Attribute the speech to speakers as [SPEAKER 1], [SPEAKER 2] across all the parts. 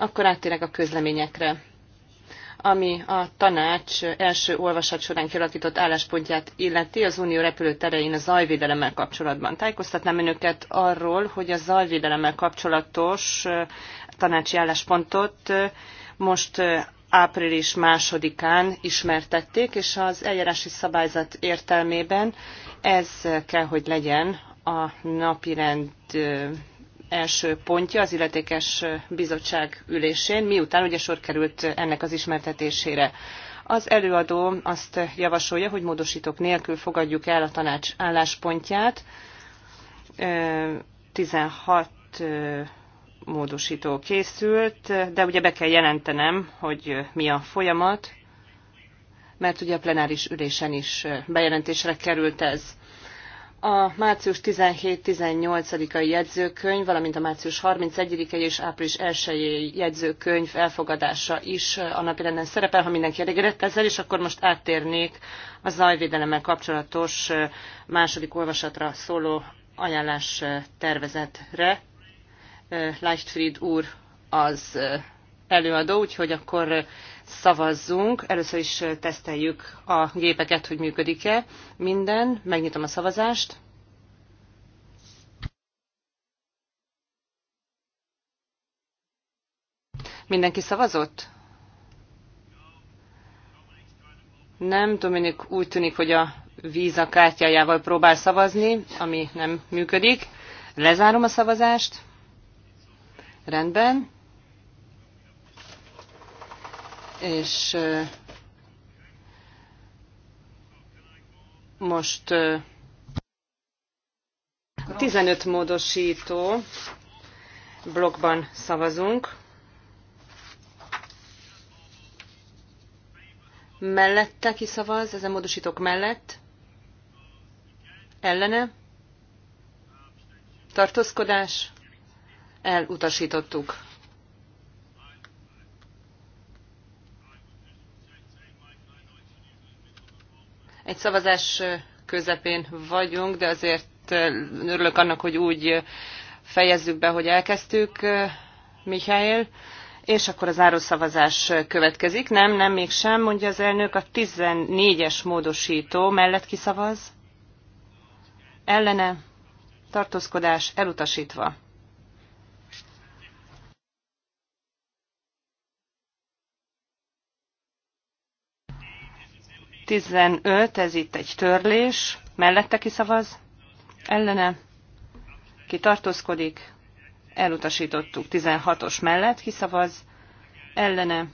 [SPEAKER 1] Akkor áttérek a közleményekre ami a tanács első olvasat során kialakított álláspontját illeti az unió repülőterein a zajvédelemmel kapcsolatban. Tájékoztatnám önöket arról, hogy a zajvédelemmel kapcsolatos tanácsi álláspontot most április másodikán ismertették, és az eljárási szabályzat értelmében ez kell, hogy legyen a napirend első pontja az illetékes bizottság ülésén, miután ugye sor került ennek az ismertetésére. Az előadó azt javasolja, hogy módosítók nélkül fogadjuk el a tanács álláspontját. 16 módosító készült, de ugye be kell jelentenem, hogy mi a folyamat, mert ugye a plenáris ülésen is bejelentésre került ez. A március 17-18-ai jegyzőkönyv, valamint a március 31-i és április 1-i jegyzőkönyv elfogadása is a napirenden szerepel, ha mindenki elégedett ezzel, és akkor most áttérnék a zajvédelemmel kapcsolatos második olvasatra szóló ajánlás tervezetre. Leichtfried úr az előadó, úgyhogy akkor szavazzunk. Először is teszteljük a gépeket, hogy működik-e minden. Megnyitom a szavazást. Mindenki szavazott? Nem, Dominik úgy tűnik, hogy a víz a kártyájával próbál szavazni, ami nem működik. Lezárom a szavazást. Rendben és most 15 módosító blokkban szavazunk. Mellette szavaz, ezen módosítók mellett. Ellene. Tartózkodás. Elutasítottuk. Egy szavazás közepén vagyunk, de azért eh, örülök annak, hogy úgy eh, fejezzük be, hogy elkezdtük, eh, Mihály. És akkor az árószavazás következik. Nem, nem, mégsem, mondja az elnök. A 14-es módosító mellett kiszavaz. Ellene tartózkodás elutasítva. 15, ez itt egy törlés, mellette kiszavaz, ellene, ki tartózkodik, elutasítottuk 16-os mellett, kiszavaz, ellene,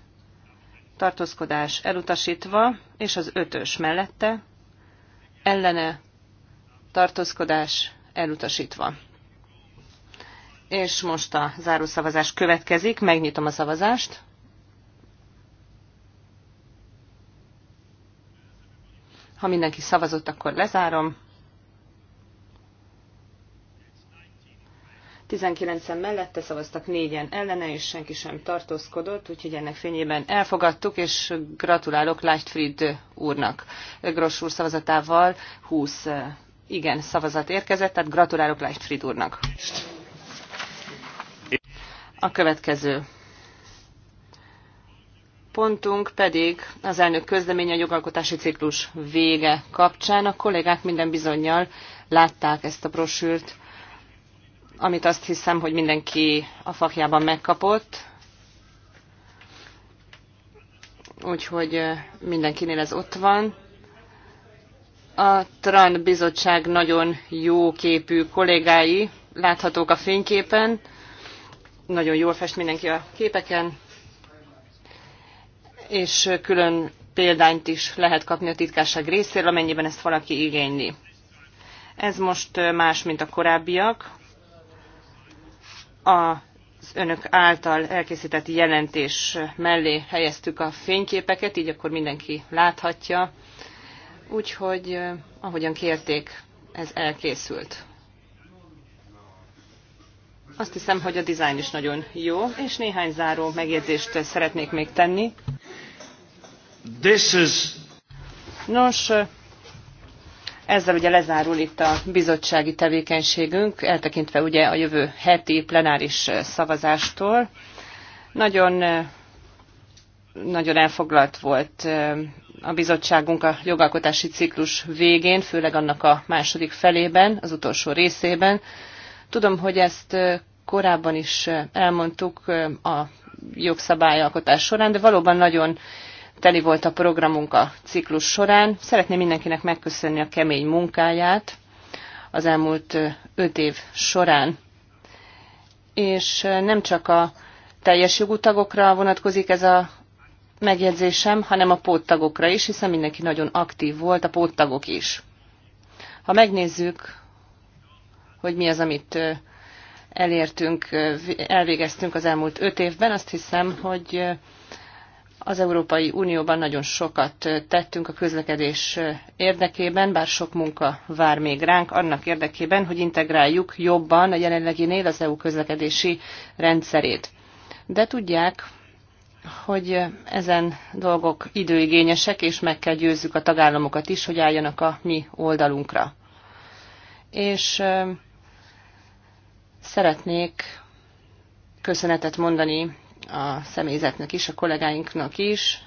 [SPEAKER 1] tartózkodás elutasítva, és az 5-ös mellette, ellene, tartózkodás elutasítva. És most a zárószavazás következik, megnyitom a szavazást. Ha mindenki szavazott, akkor lezárom. 19-en mellette szavaztak, négyen. ellene, és senki sem tartózkodott, úgyhogy ennek fényében elfogadtuk, és gratulálok Leichtfried úrnak. Gross úr szavazatával 20 eh, igen szavazat érkezett, tehát gratulálok Leichtfried úrnak. A következő pontunk pedig az elnök közleménye a jogalkotási ciklus vége kapcsán. A kollégák minden bizonyal látták ezt a brosűrt, amit azt hiszem, hogy mindenki a fakjában megkapott. Úgyhogy mindenkinél ez ott van. A TRAN bizottság nagyon jó képű kollégái láthatók a fényképen. Nagyon jól fest mindenki a képeken, és külön példányt is lehet kapni a titkárság részéről, amennyiben ezt valaki igényli. Ez most más, mint a korábbiak. A az önök által elkészített jelentés mellé helyeztük a fényképeket, így akkor mindenki láthatja. Úgyhogy, ahogyan kérték, ez elkészült. Azt hiszem, hogy a dizájn is nagyon jó, és néhány záró megjegyzést szeretnék még tenni. This is... Nos, ezzel ugye lezárul itt a bizottsági tevékenységünk, eltekintve ugye a jövő heti plenáris szavazástól. Nagyon, nagyon elfoglalt volt eh, a bizottságunk a jogalkotási ciklus végén, főleg annak a második felében, az utolsó részében. Tudom, hogy ezt eh, korábban is eh, elmondtuk a jogszabályalkotás során, de valóban nagyon teli volt a programunk a ciklus során. Szeretném mindenkinek megköszönni a kemény munkáját az elmúlt öt év során. És nem csak a teljes jogú tagokra vonatkozik ez a megjegyzésem, hanem a póttagokra is, hiszen mindenki nagyon aktív volt, a póttagok is. Ha megnézzük, hogy mi az, amit elértünk, elvégeztünk az elmúlt öt évben, azt hiszem, hogy az Európai Unióban nagyon sokat tettünk a közlekedés érdekében, bár sok munka vár még ránk, annak érdekében, hogy integráljuk jobban a nél az EU közlekedési rendszerét. De tudják, hogy ezen dolgok időigényesek, és meg kell győzzük a tagállamokat is, hogy álljanak a mi oldalunkra. És szeretnék köszönetet mondani a személyzetnek is, a kollégáinknak is,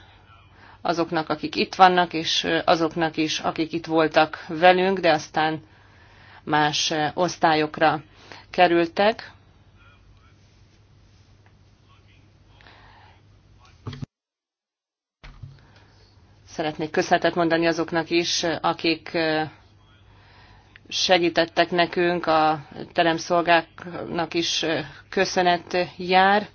[SPEAKER 1] azoknak, akik itt vannak, és azoknak is, akik itt voltak velünk, de aztán más osztályokra kerültek. Szeretnék köszönetet mondani azoknak is, akik segítettek nekünk, a teremszolgáknak is köszönet jár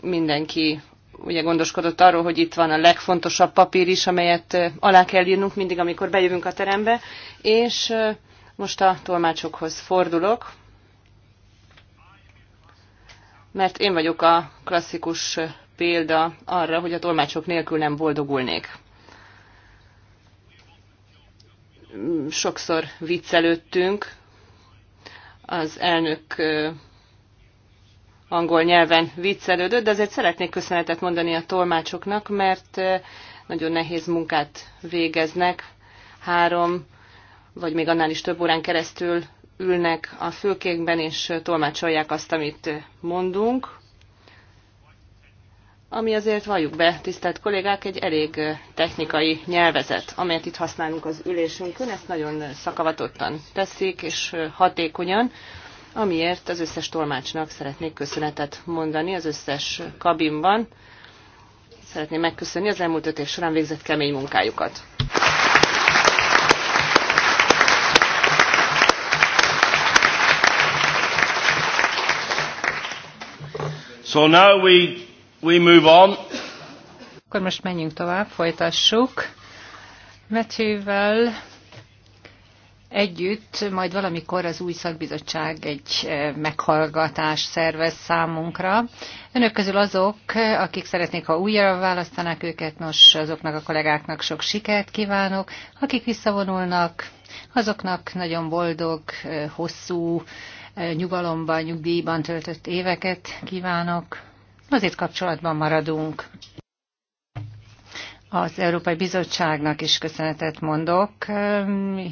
[SPEAKER 1] mindenki ugye gondoskodott arról, hogy itt van a legfontosabb papír is, amelyet alá kell írnunk mindig, amikor bejövünk a terembe, és most a tolmácsokhoz fordulok, mert én vagyok a klasszikus példa arra, hogy a tolmácsok nélkül nem boldogulnék.
[SPEAKER 2] Mm, sokszor
[SPEAKER 1] viccelődtünk, az elnök angol nyelven viccelődött, de azért szeretnék köszönetet mondani a tolmácsoknak, mert nagyon nehéz munkát végeznek. Három, vagy még annál is több órán keresztül ülnek a fülkékben, és tolmácsolják azt, amit mondunk. Ami azért, valljuk be, tisztelt kollégák, egy elég technikai nyelvezet, amelyet itt használunk az ülésünkön. Ezt nagyon szakavatottan teszik, és hatékonyan amiért az összes tolmácsnak szeretnék köszönetet mondani az összes kabinban. Szeretném megköszönni az elmúlt öt év során végzett kemény munkájukat.
[SPEAKER 3] So now we, we move on. Akkor most menjünk tovább, folytassuk. Matthewvel együtt majd valamikor az új szakbizottság egy e, meghallgatást szervez számunkra. Önök közül azok, akik szeretnék, ha újra választanák őket, nos, azoknak a kollégáknak sok sikert kívánok. Akik visszavonulnak, azoknak nagyon boldog, e, hosszú, e, nyugalomban, nyugdíjban töltött éveket kívánok. Azért kapcsolatban maradunk. Az Európai Bizottságnak is köszönetet mondok,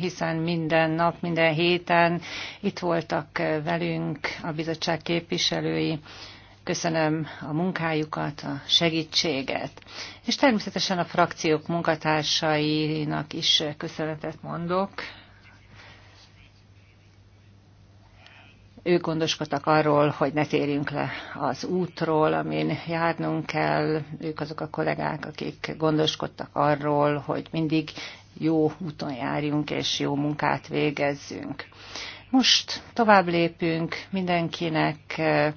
[SPEAKER 3] hiszen minden nap, minden héten itt voltak velünk a bizottság képviselői. Köszönöm a munkájukat, a segítséget, és természetesen a frakciók munkatársainak is köszönetet mondok, Ők gondoskodtak arról, hogy ne térjünk le az útról, amin járnunk kell. Ők azok a kollégák, akik gondoskodtak arról, hogy mindig jó úton járjunk és jó munkát végezzünk. Most tovább lépünk mindenkinek, eh,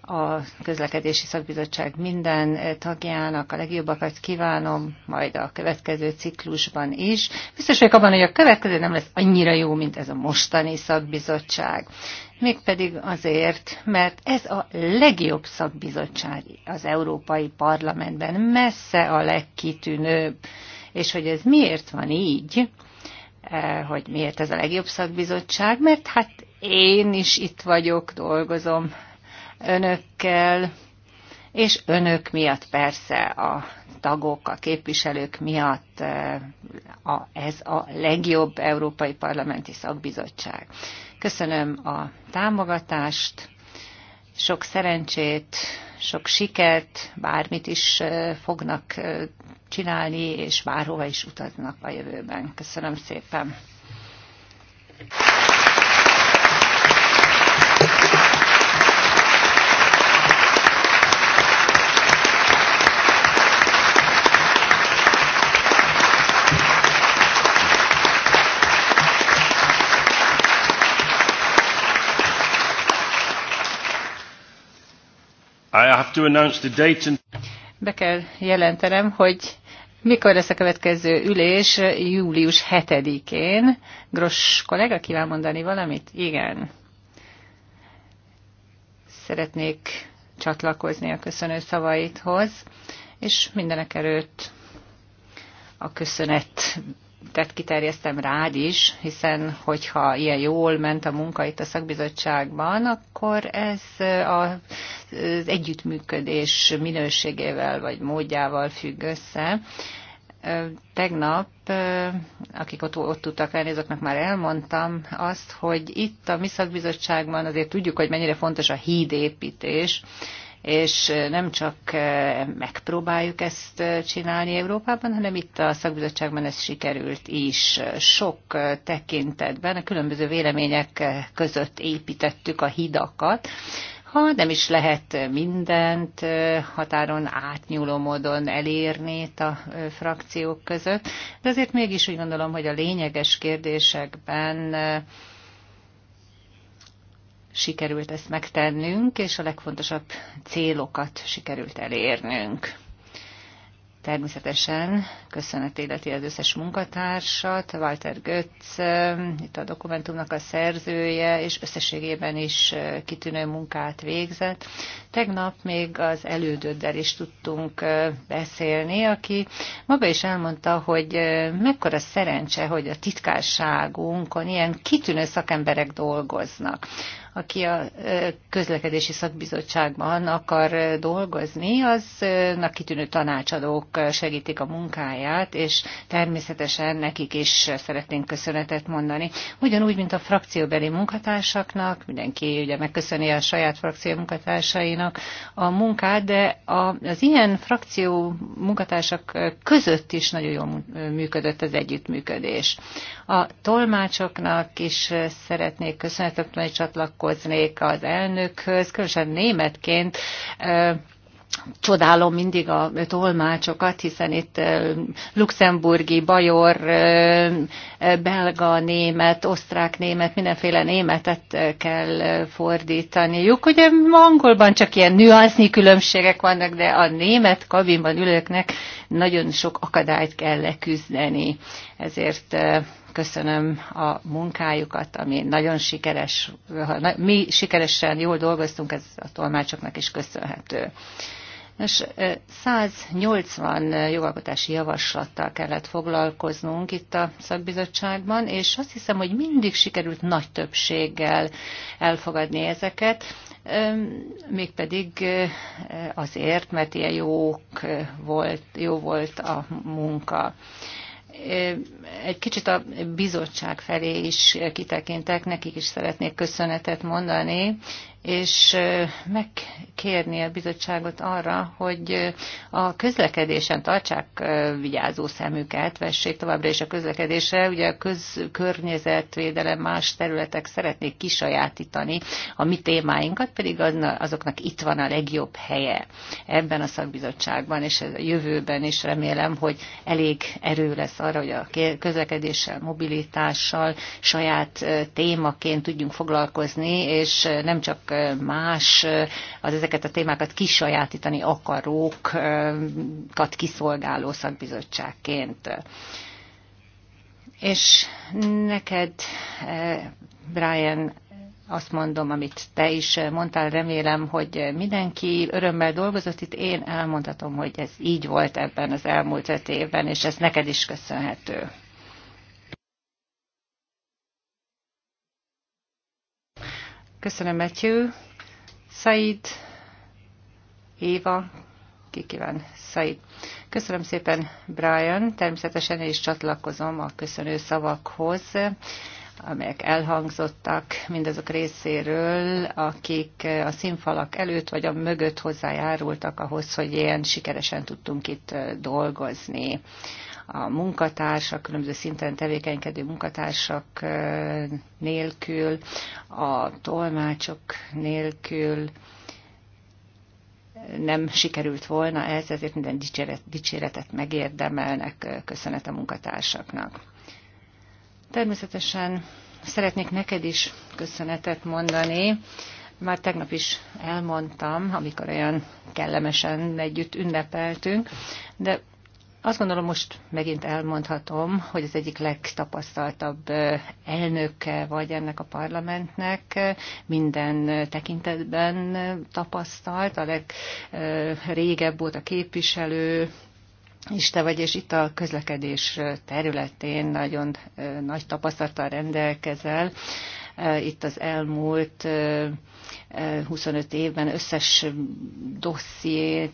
[SPEAKER 3] a közlekedési szakbizottság minden eh, tagjának a legjobbakat kívánom, majd a következő ciklusban is. Biztos vagyok abban, hogy a következő nem lesz annyira jó, mint ez a mostani szakbizottság. Mégpedig azért, mert ez a legjobb szakbizottság az Európai Parlamentben, messze a legkitűnőbb. És hogy ez miért van így, Eh, hogy miért ez a legjobb szakbizottság, mert hát én is itt vagyok, dolgozom önökkel, és önök miatt persze a tagok, a képviselők miatt eh, a, ez a legjobb Európai Parlamenti Szakbizottság. Köszönöm a támogatást, sok szerencsét, sok sikert, bármit is fognak csinálni, és bárhova is utaznak a jövőben. Köszönöm szépen! have to announce the date and... Be kell jelentenem, hogy mikor lesz a következő ülés? Július 7-én. Gross kollega kíván mondani valamit? Igen. Szeretnék csatlakozni a köszönő szavaithoz, és mindenek előtt a köszönet tett kiterjesztem rád is, hiszen hogyha ilyen jól ment a munka itt a szakbizottságban, akkor ez a, az együttműködés minőségével vagy módjával függ össze. Tegnap, akik ott, ott tudtak lenni, azoknak már elmondtam azt, hogy itt a mi szakbizottságban azért tudjuk, hogy mennyire fontos a hídépítés, és nem csak eh, megpróbáljuk ezt eh, csinálni Európában, hanem itt a szakbizottságban ez sikerült is. Sok eh, tekintetben a különböző vélemények között építettük a hidakat, ha nem is lehet mindent határon átnyúló módon elérni itt a frakciók között, de azért mégis úgy gondolom, hogy a lényeges kérdésekben sikerült ezt megtennünk, és a legfontosabb célokat sikerült elérnünk. Természetesen köszönet életi az összes munkatársat, Walter Götz, um, itt a dokumentumnak a szerzője, és összességében is uh, kitűnő munkát végzett. Tegnap még az elődöddel is tudtunk uh, beszélni, aki maga is elmondta, hogy uh, mekkora szerencse, hogy a titkárságunkon ilyen kitűnő szakemberek dolgoznak aki a közlekedési szakbizottságban akar dolgozni, aznak kitűnő tanácsadók segítik a munkáját, és természetesen nekik is szeretnénk köszönetet mondani. Ugyanúgy, mint a frakcióbeli munkatársaknak, mindenki ugye megköszöni a saját frakció munkatársainak a munkát, de az ilyen frakció munkatársak között is nagyon jól működött az együttműködés. A tolmácsoknak is szeretnék köszönetet mondani, csatlakozni csatlakoznék az elnökhöz, különösen németként csodálom mindig a tolmácsokat, hiszen itt luxemburgi, bajor, belga, német, osztrák, német, mindenféle németet kell fordítaniuk. Ugye angolban csak ilyen nüansznyi különbségek vannak, de a német kabinban ülőknek nagyon sok akadályt kell leküzdeni. Ezért köszönöm a munkájukat, ami nagyon sikeres, ha mi sikeresen jól dolgoztunk, ez a tolmácsoknak is köszönhető. Nos, 180 jogalkotási javaslattal kellett foglalkoznunk itt a szakbizottságban, és azt hiszem, hogy mindig sikerült nagy többséggel elfogadni ezeket, mégpedig azért, mert ilyen jók volt, jó volt a munka egy kicsit a bizottság felé is kitekintek, nekik is szeretnék köszönetet mondani, és megkérni a bizottságot arra, hogy a közlekedésen tartsák vigyázó szemüket, vessék továbbra is a közlekedésre. Ugye a közkörnyezetvédelem más területek szeretnék kisajátítani a mi témáinkat, pedig azoknak itt van a legjobb helye ebben a szakbizottságban, és a jövőben is remélem, hogy elég erő lesz arra, hogy a közlekedéssel, mobilitással saját témaként tudjunk foglalkozni, és nem csak más az ezeket a témákat kisajátítani akarókat kiszolgáló szakbizottságként. És neked, eh, Brian, azt mondom, amit te is mondtál, remélem, hogy mindenki örömmel dolgozott itt. Én elmondhatom, hogy ez így volt ebben az elmúlt öt évben, és ez neked is köszönhető. Köszönöm, Matthew. Said, Éva, ki kíván? Said. Köszönöm szépen, Brian. Természetesen én is csatlakozom a köszönő szavakhoz amelyek elhangzottak mindazok részéről, akik a színfalak előtt vagy a mögött hozzájárultak ahhoz, hogy ilyen sikeresen tudtunk itt dolgozni a munkatársak, különböző szinten tevékenykedő munkatársak nélkül, a tolmácsok nélkül nem sikerült volna ez, ezért minden dicséret, dicséretet megérdemelnek, köszönet a munkatársaknak. Természetesen szeretnék neked is köszönetet mondani. Már tegnap is elmondtam, amikor olyan kellemesen együtt ünnepeltünk, de azt gondolom, most megint elmondhatom, hogy az egyik legtapasztaltabb elnöke vagy ennek a parlamentnek, minden tekintetben tapasztalt, a legrégebb a képviselő, és te vagy, és itt a közlekedés területén nagyon nagy tapasztalattal rendelkezel Eh, itt az elmúlt 25 eh, eh, évben összes dossziét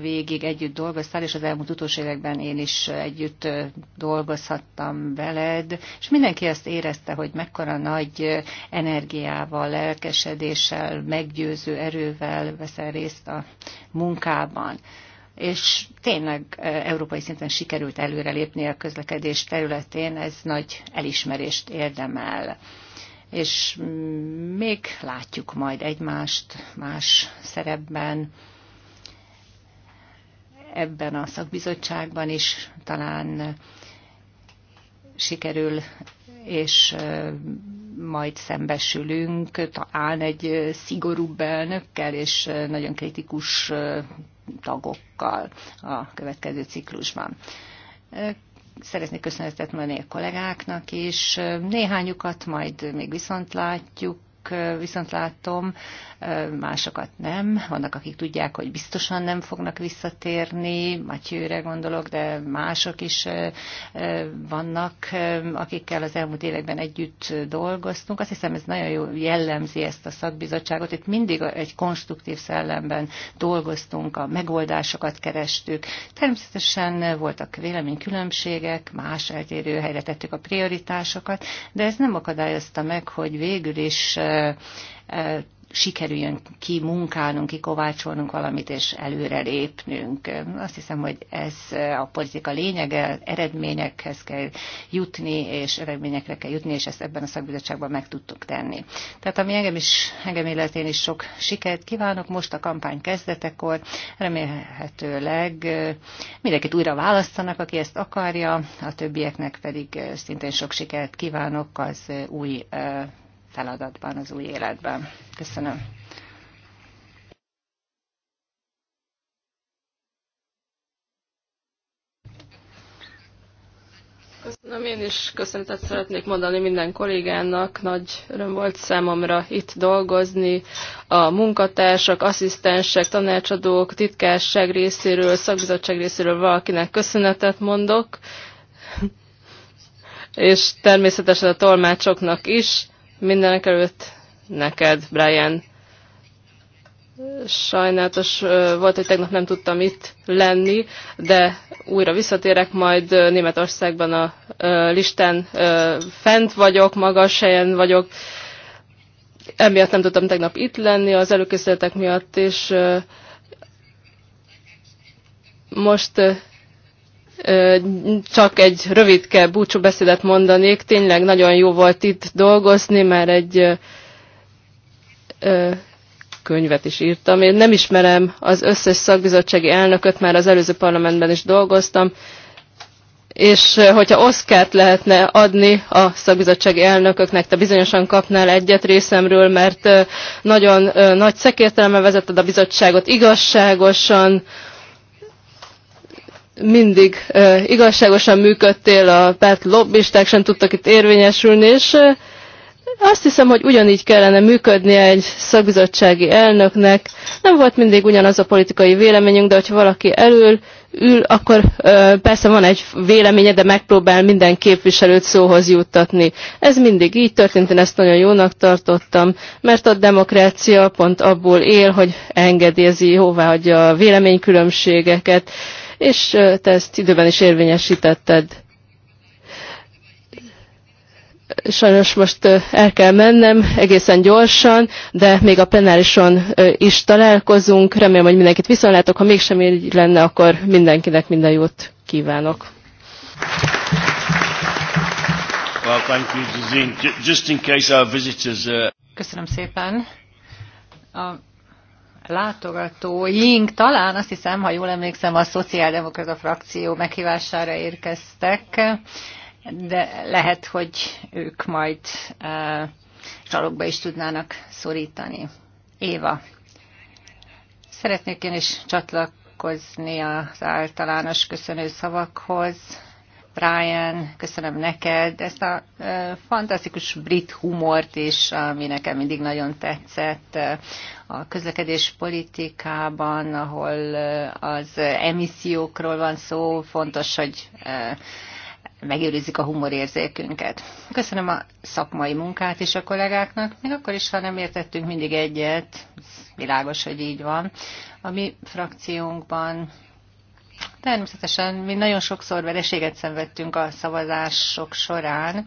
[SPEAKER 3] végig együtt dolgoztál, és az elmúlt utolsó években én is együtt dolgozhattam veled, és mindenki ezt érezte, hogy mekkora nagy energiával, lelkesedéssel, meggyőző erővel veszel részt a munkában és tényleg európai szinten sikerült előrelépni a közlekedés területén, ez nagy elismerést érdemel és még látjuk majd egymást más szerepben, ebben a szakbizottságban is talán sikerül, és majd szembesülünk talán egy szigorúbb elnökkel és nagyon kritikus tagokkal a következő ciklusban. Szeretnék köszönetet mondani a kollégáknak is. Néhányukat majd még viszont látjuk viszont látom, másokat nem. Vannak, akik tudják, hogy biztosan nem fognak visszatérni, Matyőre gondolok, de mások is vannak, akikkel az elmúlt években együtt dolgoztunk. Azt hiszem, ez nagyon jó jellemzi ezt a szakbizottságot. Itt mindig egy konstruktív szellemben dolgoztunk, a megoldásokat kerestük. Természetesen voltak véleménykülönbségek, más eltérő helyre tettük a prioritásokat, de ez nem akadályozta meg, hogy végül is sikerüljön ki munkálnunk, kikovácsolnunk valamit, és előre lépnünk. Azt hiszem, hogy ez a politika lényege, eredményekhez kell jutni, és eredményekre kell jutni, és ezt ebben a szakbizottságban meg tudtuk tenni. Tehát ami engem is, engem életén is sok sikert kívánok most a kampány kezdetekor, remélhetőleg mindenkit újra választanak, aki ezt akarja, a többieknek pedig szintén sok sikert kívánok az új feladatban, az új életben. Köszönöm.
[SPEAKER 2] Köszönöm, én is köszönetet szeretnék mondani minden kollégának. Nagy öröm volt számomra itt dolgozni. A munkatársak, asszisztensek, tanácsadók, titkárság részéről, szakbizottság részéről valakinek köszönetet mondok. És természetesen a tolmácsoknak is. Mindenek előtt neked, Brian. Sajnálatos volt, hogy tegnap nem tudtam itt lenni, de újra visszatérek, majd Németországban a listán fent vagyok, magas helyen vagyok. Emiatt nem tudtam tegnap itt lenni az előkészületek miatt, és most csak egy rövidke búcsú beszédet mondanék. Tényleg nagyon jó volt itt dolgozni, mert egy könyvet is írtam. Én nem ismerem az összes szakbizottsági elnököt, mert az előző parlamentben is dolgoztam, és hogyha oszkárt lehetne adni a szakbizottsági elnököknek, te bizonyosan kapnál egyet részemről, mert nagyon nagy szekértelme vezetted a bizottságot igazságosan, mindig igazságosan működtél, a párt lobbisták sem tudtak itt érvényesülni, és azt hiszem, hogy ugyanígy kellene működnie egy szakbizottsági elnöknek. Nem volt mindig ugyanaz a politikai véleményünk, de hogyha valaki elől ül, akkor persze van egy véleménye, de megpróbál minden képviselőt szóhoz juttatni. Ez mindig így történt, én ezt nagyon jónak tartottam, mert a demokrácia pont abból él, hogy hová jóváhagyja a véleménykülönbségeket és te ezt időben is érvényesítetted. Sajnos most el kell mennem egészen gyorsan, de még a plenárison is találkozunk. Remélem, hogy mindenkit viszonlátok. Ha mégsem így lenne, akkor mindenkinek minden jót kívánok. Uh,
[SPEAKER 3] Köszönöm szépen. A látogatóink talán, azt hiszem, ha jól emlékszem, a szociáldemokrata frakció meghívására érkeztek, de lehet, hogy ők majd uh, is tudnának szorítani. Éva, szeretnék én is csatlakozni az általános köszönő szavakhoz Brian, köszönöm neked ezt a fantasztikus brit humort is, ami nekem mindig nagyon tetszett a közlekedés politikában, ahol az emissziókról van szó, fontos, hogy megőrizzük a humorérzékünket. Köszönöm a szakmai munkát is a kollégáknak, még akkor is, ha nem értettünk mindig egyet, világos, hogy így van. A mi frakciónkban Természetesen mi nagyon sokszor vereséget szenvedtünk a szavazások során,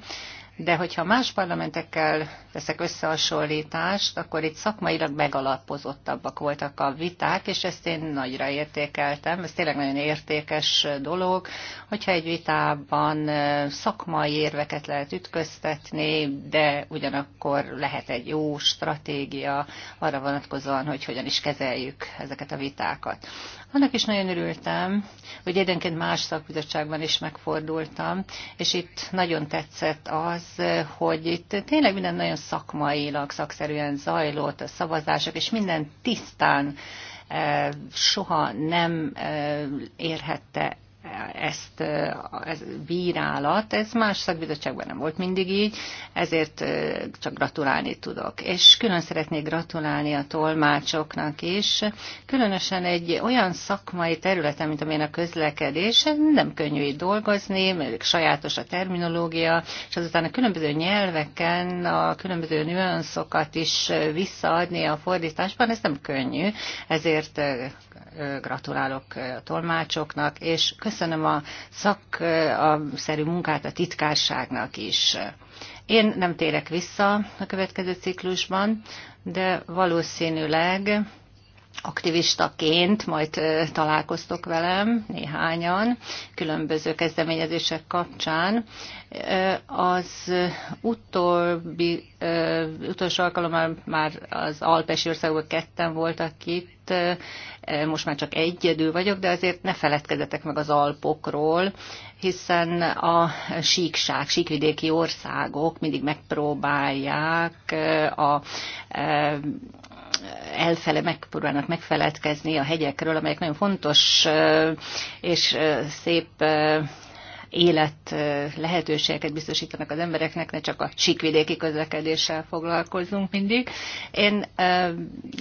[SPEAKER 3] de hogyha más parlamentekkel teszek összehasonlítást, akkor itt szakmailag megalapozottabbak voltak a viták, és ezt én nagyra értékeltem. Ez tényleg nagyon értékes dolog, hogyha egy vitában szakmai érveket lehet ütköztetni, de ugyanakkor lehet egy jó stratégia arra vonatkozóan, hogy hogyan is kezeljük ezeket a vitákat. Annak is nagyon örültem, hogy egyenként más szakbizottságban is megfordultam, és itt nagyon tetszett az, hogy itt tényleg minden nagyon szakmailag, szakszerűen zajlott a szavazások, és minden tisztán eh, soha nem eh, érhette ezt ez bírálat, ez más szakbizottságban nem volt mindig így, ezért csak gratulálni tudok. És külön szeretnék gratulálni a tolmácsoknak is, különösen egy olyan szakmai területen, mint amilyen a közlekedés, nem könnyű így dolgozni, mert sajátos a terminológia, és azután a különböző nyelveken a különböző nüanszokat is visszaadni a fordításban, ez nem könnyű, ezért gratulálok a tolmácsoknak, és köszönöm köszönöm a szak, eh, a szerű munkát a titkárságnak is. Én nem térek vissza a következő ciklusban, de valószínűleg aktivistaként, majd találkoztok velem néhányan különböző kezdeményezések kapcsán. Az utóbbi, utolsó alkalommal már az Alpesi országban ketten voltak itt, most már csak egyedül vagyok, de azért ne feledkezzetek meg az Alpokról, hiszen a síkság, síkvidéki országok mindig megpróbálják a elfele megpróbálnak megfeledkezni a hegyekről, amelyek nagyon fontos és szép élet lehetőségeket biztosítanak az embereknek, ne csak a csíkvidéki közlekedéssel foglalkozunk mindig. Én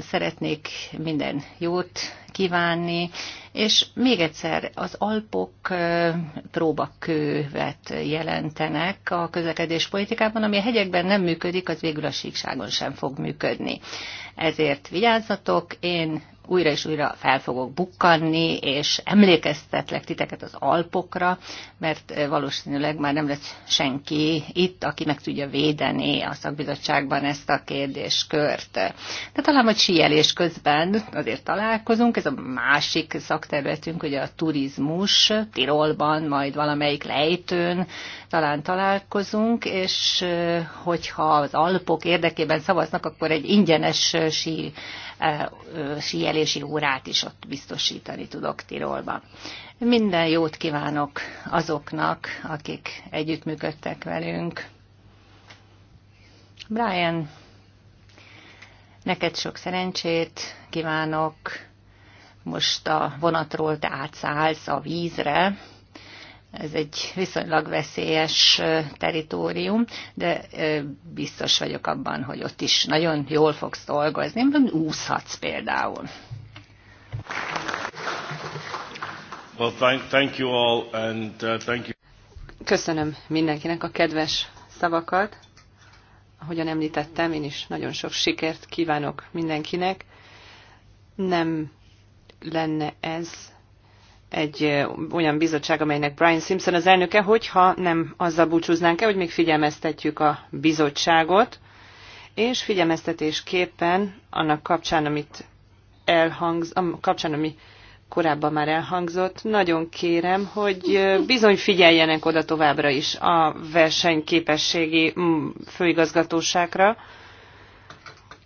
[SPEAKER 3] szeretnék minden jót kívánni, és még egyszer, az Alpok próbakővet jelentenek a közlekedés politikában, ami a hegyekben nem működik, az végül a síkságon sem fog működni. Ezért vigyázzatok, én újra és újra fel fogok bukkanni, és emlékeztetlek titeket az Alpokra, mert valószínűleg már nem lesz senki itt, aki meg tudja védeni a szakbizottságban ezt a kérdéskört. De talán, hogy síjelés közben azért találkozunk, ez a másik szak szakterületünk, ugye a turizmus, Tirolban, majd valamelyik lejtőn talán találkozunk, és hogyha az Alpok érdekében szavaznak, akkor egy ingyenes sí, síjelési órát is ott biztosítani tudok Tirolban. Minden jót kívánok azoknak, akik együttműködtek velünk. Brian, neked sok szerencsét kívánok, most a vonatról te átszállsz a vízre, ez egy viszonylag veszélyes teritórium, de biztos vagyok abban, hogy ott is nagyon jól fogsz dolgozni, mert úszhatsz például. Well, thank, thank you all and,
[SPEAKER 1] uh, thank you. Köszönöm mindenkinek a kedves szavakat. Ahogyan említettem, én is nagyon sok sikert kívánok mindenkinek. Nem lenne ez egy olyan bizottság, amelynek Brian Simpson az elnöke, hogyha nem azzal búcsúznánk el, hogy még figyelmeztetjük a bizottságot, és figyelmeztetésképpen annak kapcsán, amit elhangz, kapcsán, ami korábban már elhangzott, nagyon kérem, hogy bizony figyeljenek oda továbbra is a versenyképességi főigazgatóságra,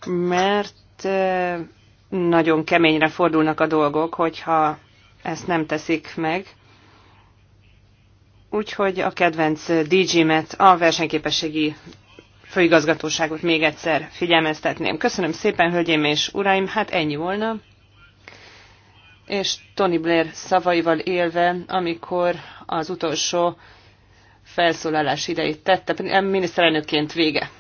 [SPEAKER 1] mert nagyon keményre fordulnak a dolgok, hogyha ezt nem teszik meg. Úgyhogy a kedvenc DG-met, a versenyképességi főigazgatóságot még egyszer figyelmeztetném. Köszönöm szépen, hölgyeim és uraim, hát ennyi volna. És Tony Blair szavaival élve, amikor az utolsó felszólalás idejét tette, miniszterelnökként vége.